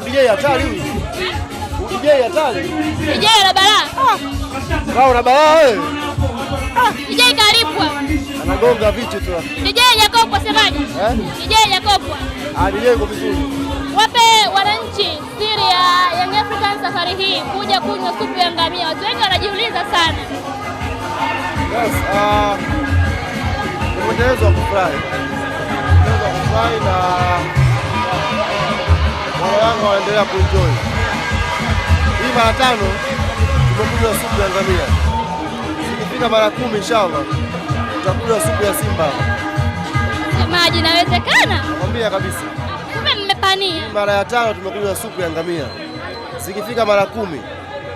DJ hatari huyu. hatari. DJ ana balaa. Wewe oh. una balaa wewe. Eh. DJ oh, kalipwa. Anagonga vitu tu. DJ hajakopwa semaji. Eh? DJ hajakopwa. Ah, DJ yuko vizuri. Wape wananchi siri ya Young Africans safari hii kuja kunywa supu ya ngamia. Watu wengi wanajiuliza sana. Yes, ah. Uh, Mwendezo kufurahi. Mwendezo kufurahi na wanawanga wanaendelea kuenjoy. Hii mara tano tumekunywa supu ya ngamia, ikifika mara kumi inshallah tutakunywa supu ya simba. Maji inawezekana, nakwambia kabisa. Kumbe mmepania. Mara ya tano tumekunywa supu ya ngamia, zikifika mara kumi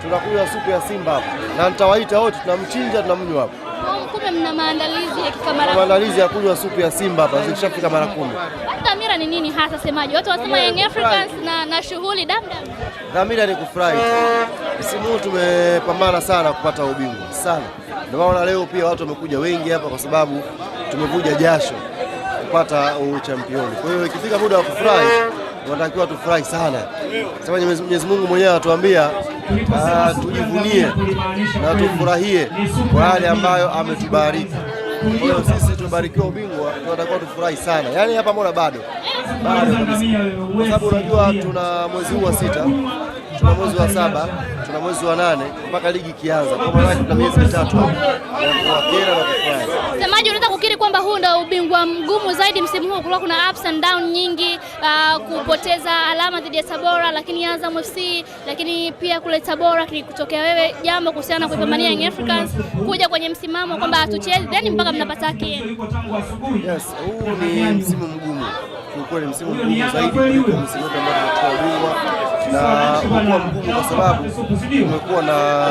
tunakunywa supu ya simba hapa, na nitawaita wote, tunamchinja tunamnywa hapa. Kumbe mna maandalizi ya kunywa supu ya simba hapa, zikishafika mara kumi ni nini hasa semaji? Watu wanasema Young Africans na, na shughuli damdam. Dhamira ni kufurahi. Msimu huu tumepambana sana kupata ubingwa sana, ndio maana leo pia watu wamekuja wengi hapa, kwa sababu tumevuja jasho kupata uchampioni. Kwa hiyo ikifika muda wa kufurahi tunatakiwa tufurahi sana, sema Mwenyezi Mungu mwenyewe anatuambia ah, tujivunie na tufurahie kwa yale ambayo ametubariki hiyo sisi tumebarikiwa ubingwa, tunatakiwa tufurahi sana. Yaani hapa mbona bado bado, kwa sababu unajua tuna mwezi huu wa sita, tuna mwezi wa saba, tuna mwezi wa nane mpaka ligi ikianza, kwa maana tuna miezi mitatu ya kuwakera na kufurahi. Msemaji, unaweza kukiri kwamba huu ndio kawaida msimu huu kulikuwa kuna ups and down nyingi, uh, kupoteza alama dhidi ya Tabora, lakini Azam FC, lakini pia kule Tabora kilikutokea wewe jambo kuhusiana na kuipambania Young Africans kuja kwenye msimamo kwamba hatuchezi then mpaka mnapata kile. Yes, huu ni msimu mgumu, kulikuwa ni msimu mgumu zaidi kuliko msimu ambao tunachukua ubingwa na umekuwa mgumu kwa sababu kumekuwa na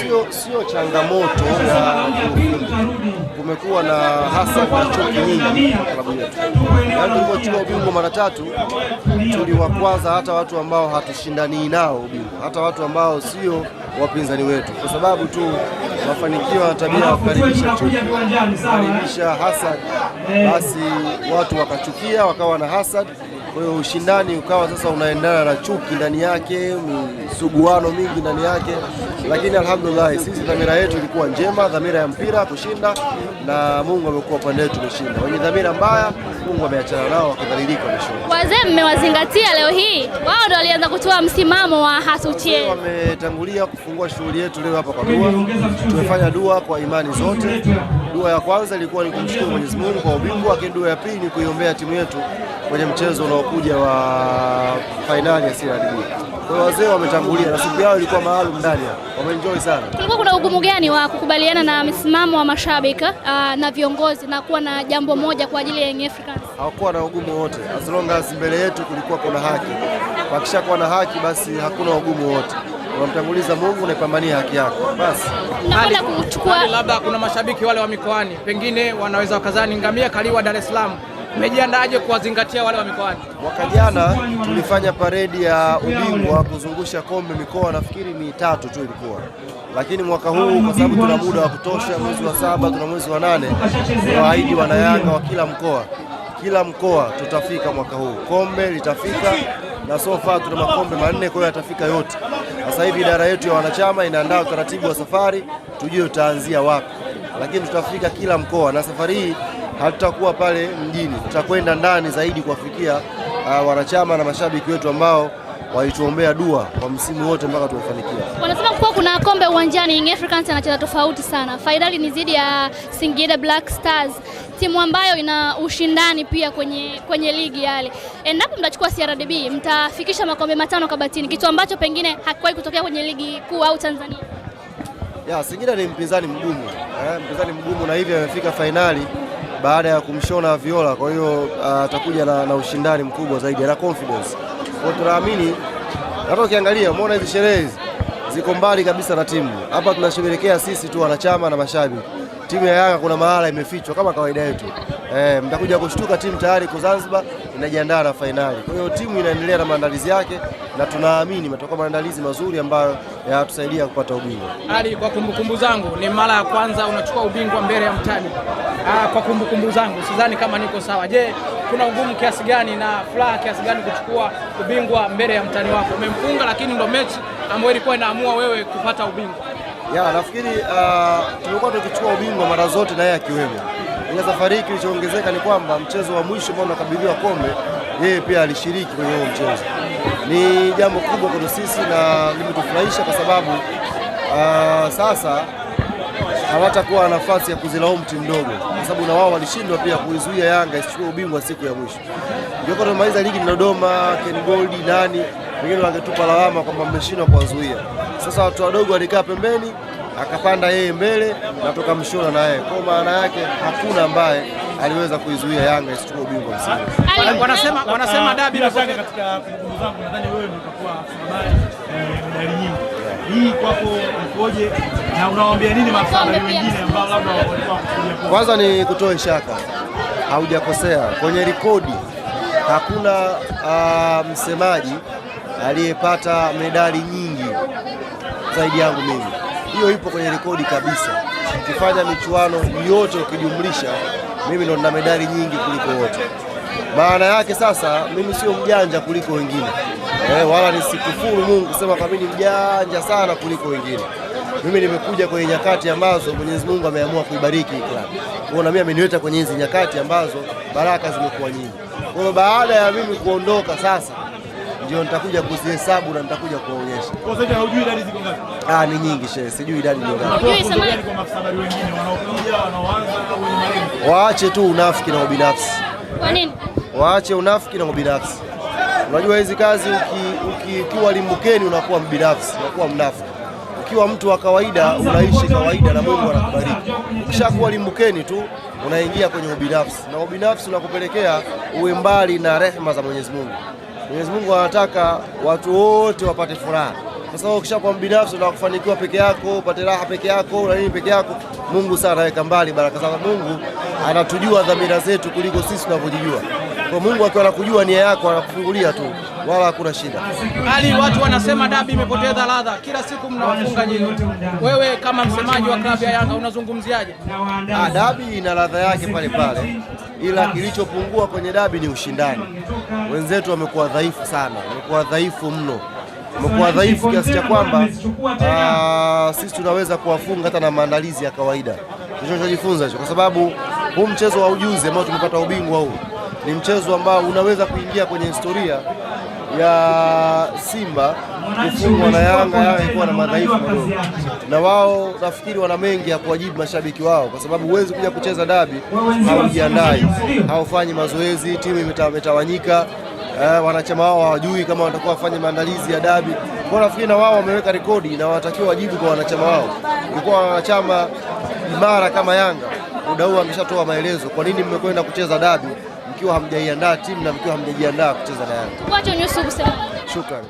sio sio changamoto na kumekuwa na hasa na chuki nyingi klabu yetu. Tulipochukua ubingwa mara tatu tuliwakwaza hata watu ambao hatushindani nao ubingwa, hata watu ambao sio wapinzani wetu, kwa sababu tu mafanikio na tabia ya kukaribisha chuki, kukaribisha hasad, basi watu wakachukia wakawa na hasad kwa hiyo ushindani ukawa sasa unaendana na chuki ndani yake, misuguano mingi ndani yake, lakini alhamdulillah, sisi dhamira yetu ilikuwa njema, dhamira ya mpira kushinda, na Mungu amekuwa upande wetu, tumeshinda. Wenye dhamira mbaya Mungu ameachana nao, wakadhalilika mwisho wazee mmewazingatia leo hii, wao ndio walianza kutoa msimamo wa hasuchie. Wametangulia kufungua shughuli yetu leo hapa kwa dua. Tumefanya dua kwa imani zote. Dua ya kwanza ilikuwa ni kumshukuru Mwenyezi Mungu kwa ubingwa, lakini dua ya pili ni kuiombea timu yetu kwenye mchezo unaokuja wa fainali ya CRDB. Kwa wazee wametangulia na siku yao ilikuwa maalum ndani hapa. Wameenjoy sana. Kulikuwa kuna ugumu gani wa kukubaliana na msimamo wa mashabiki ah, na viongozi na kuwa na jambo moja kwa ajili ya Young Africans? hawakuwa na ugumu wote as long as mbele yetu kulikuwa kuna haki. Wakishakuwa na haki, basi hakuna ugumu wote Unamtanguliza Mungu, unaipambania haki yako basi. Kuchukua labda kuna mashabiki wale wa mikoani, pengine wanaweza wakazani ngamia kaliwa Dar es Salaam Umejiandaaje kuwazingatia wale wa mikoani? Mwaka jana tulifanya paredi ya ubingwa kuzungusha kombe mikoa, nafikiri mitatu tu ilikuwa, lakini mwaka huu kwa sababu tuna muda wa kutosha, mwezi wa saba tuna mwezi wa nane, tunawaahidi wanayanga wa kila mkoa kila mkoa tutafika mwaka huu, kombe litafika na so far tuna makombe manne, kwa hiyo yatafika yote. Sasa hivi idara yetu ya wanachama inaandaa utaratibu wa safari, tujue tutaanzia wapi, lakini tutafika kila mkoa, na safari hii hatutakuwa pale mjini, tutakwenda ndani zaidi kuwafikia uh, wanachama na mashabiki wetu ambao walituombea dua kwa msimu wote mpaka tumefanikiwa. Wanasema kuwa kuna kombe uwanjani, Young Africans anacheza tofauti sana, fainali ni zidi ya Singida Black Stars, timu ambayo ina ushindani pia kwenye, kwenye ligi yale. Endapo mtachukua CRDB mtafikisha makombe matano kabatini, kitu ambacho pengine hakiwahi kutokea kwenye ligi kuu au Tanzania. Ya, Singida ni mpinzani mgumu eh, mpinzani mgumu na hivi amefika fainali baada ya kumshona Viola, kwa hiyo ah, atakuja uh, na, na ushindani mkubwa zaidi na confidence kwa tunaamini hata ukiangalia, umeona hizi sherehe hizi ziko mbali kabisa na timu. Hapa tunasherehekea sisi tu wanachama na mashabiki. Timu ya Yanga kuna mahala imefichwa kama kawaida yetu eh, mtakuja kushtuka. Timu tayari kwa Zanzibar inajiandaa na fainali, kwa hiyo timu inaendelea na maandalizi yake na tunaamini matakuwa maandalizi mazuri ambayo yatusaidia kupata ubingwa. Ali, kwa kumbukumbu zangu ni mara ya kwanza unachukua ubingwa mbele ya mtani. Ah, kwa kumbukumbu zangu sidhani kama niko sawa. Je, kuna ugumu kiasi gani na furaha kiasi gani kuchukua ubingwa mbele ya mtani wako? Umemfunga, lakini ndo mechi ambayo ilikuwa inaamua wewe kupata ubingwa. Ya, nafikiri uh, tumekuwa tukichukua ubingwa mara zote na yeye akiwemo Ila safari hii kilichoongezeka ni kwamba mchezo wa mwisho ambao unakabidhiwa kombe, yeye pia alishiriki kwenye huo mchezo. Ni jambo kubwa kwetu sisi na limetufurahisha kwa sababu uh, sasa hawatakuwa na nafasi ya kuzilaumu timu ndogo, kwa sababu na wao walishindwa pia kuizuia Yanga isichukue ubingwa siku ya mwisho. Ndio tumemaliza ligi na Dodoma, Ken Gold nani wengine wangetupa lawama kwamba mmeshindwa kuwazuia. Sasa watu wadogo walikaa pembeni akapanda yeye mbele na tukamshona naye. Kwa maana yake hakuna ambaye aliweza kuizuia Yanga isichukue ubingwa msimu. Wanasema wanasema ah, dabi katika kumbukumbu zangu, nadhani wewe ndio utakuwa habari medali eh, nyingi hii kwako mkoje na unawaambia nini mafani wengine ambao labda walikuwa kukuja? Kwanza ni kutoa shaka, haujakosea kwenye rekodi. Hakuna uh, msemaji aliyepata medali nyingi zaidi yangu mimi hiyo ipo kwenye rekodi kabisa. Ukifanya michuano yote ukijumlisha, mimi ndo nina medali nyingi kuliko wote. Maana yake sasa, mimi sio mjanja kuliko wengine e, wala nisikufuru Mungu kusema kwamba mimi mjanja sana kuliko wengine. Mimi nimekuja kwenye nyakati ambazo Mwenyezi Mungu ameamua kuibariki klabu. Kwa nami ameniweta kwenye hizi nyakati ambazo baraka zimekuwa nyingi. Kwa baada ya mimi kuondoka sasa ndio nitakuja kuzihesabu na nitakuja kuonyesha. Kwa sababu hujui idadi ziko ngapi? Ah, ni nyingi shehe, sijui idadi ndio ngapi. Waache tu unafiki na ubinafsi. Kwa nini? Waache unafiki na ubinafsi. Unajua hizi kazi ukiwa limbukeni unakuwa mbinafsi, unakuwa mnafiki. Ukiwa mtu wa kawaida unaishi kawaida na Mungu anakubariki. Ukishakuwa limbukeni tu unaingia kwenye ubinafsi na ubinafsi unakupelekea uwe mbali na rehema za Mwenyezi Mungu. Mwenyezi Mungu anataka watu wote wapate furaha, Sasa sababu ukishakuwa mbinafsi na kufanikiwa peke yako, upate raha peke yako na nini peke yako, Mungu sana anaweka mbali baraka zako. Mungu anatujua dhamira zetu kuliko sisi tunavyojijua. Kwa Mungu akiwa anakujua nia yako anakufungulia tu, wala hakuna shida. Ali, watu wanasema dabi imepoteza ladha, kila siku mnawafunga nyinyi. Wewe kama msemaji wa klabu ya Yanga unazungumziaje? Ah, dabi ina ladha yake pale pale, ila kilichopungua kwenye dabi ni ushindani. Wenzetu wamekuwa dhaifu sana, wamekuwa dhaifu mno umekuwa dhaifu kiasi cha kwamba ah, sisi tunaweza kuwafunga hata na maandalizi ya kawaida. Tunachojifunza hicho, kwa sababu huu mchezo wa ujuzi ambao tumepata ubingwa huu ni mchezo ambao unaweza kuingia kwenye historia ya Simba kufungwa na Yanga. Yanga ikuwa na madhaifu kidogo, na wao nafikiri wana mengi ya kuwajibu mashabiki wao, kwa sababu huwezi kuja kucheza dabi haujiandai, haufanyi mazoezi, timu imetawanyika, eh, wanachama wao hawajui kama watakuwa wafanye maandalizi ya dabi. Kwa nafikiri na wao wameweka rekodi na wanatakiwa wajibu kwa wanachama wao. Ilikuwa wanachama imara kama Yanga, muda huu ameshatoa maelezo kwa nini mmekwenda kucheza dabi mkiwa hamjaiandaa timu na mkiwa hamjajiandaa kucheza na Yanga. Shukrani.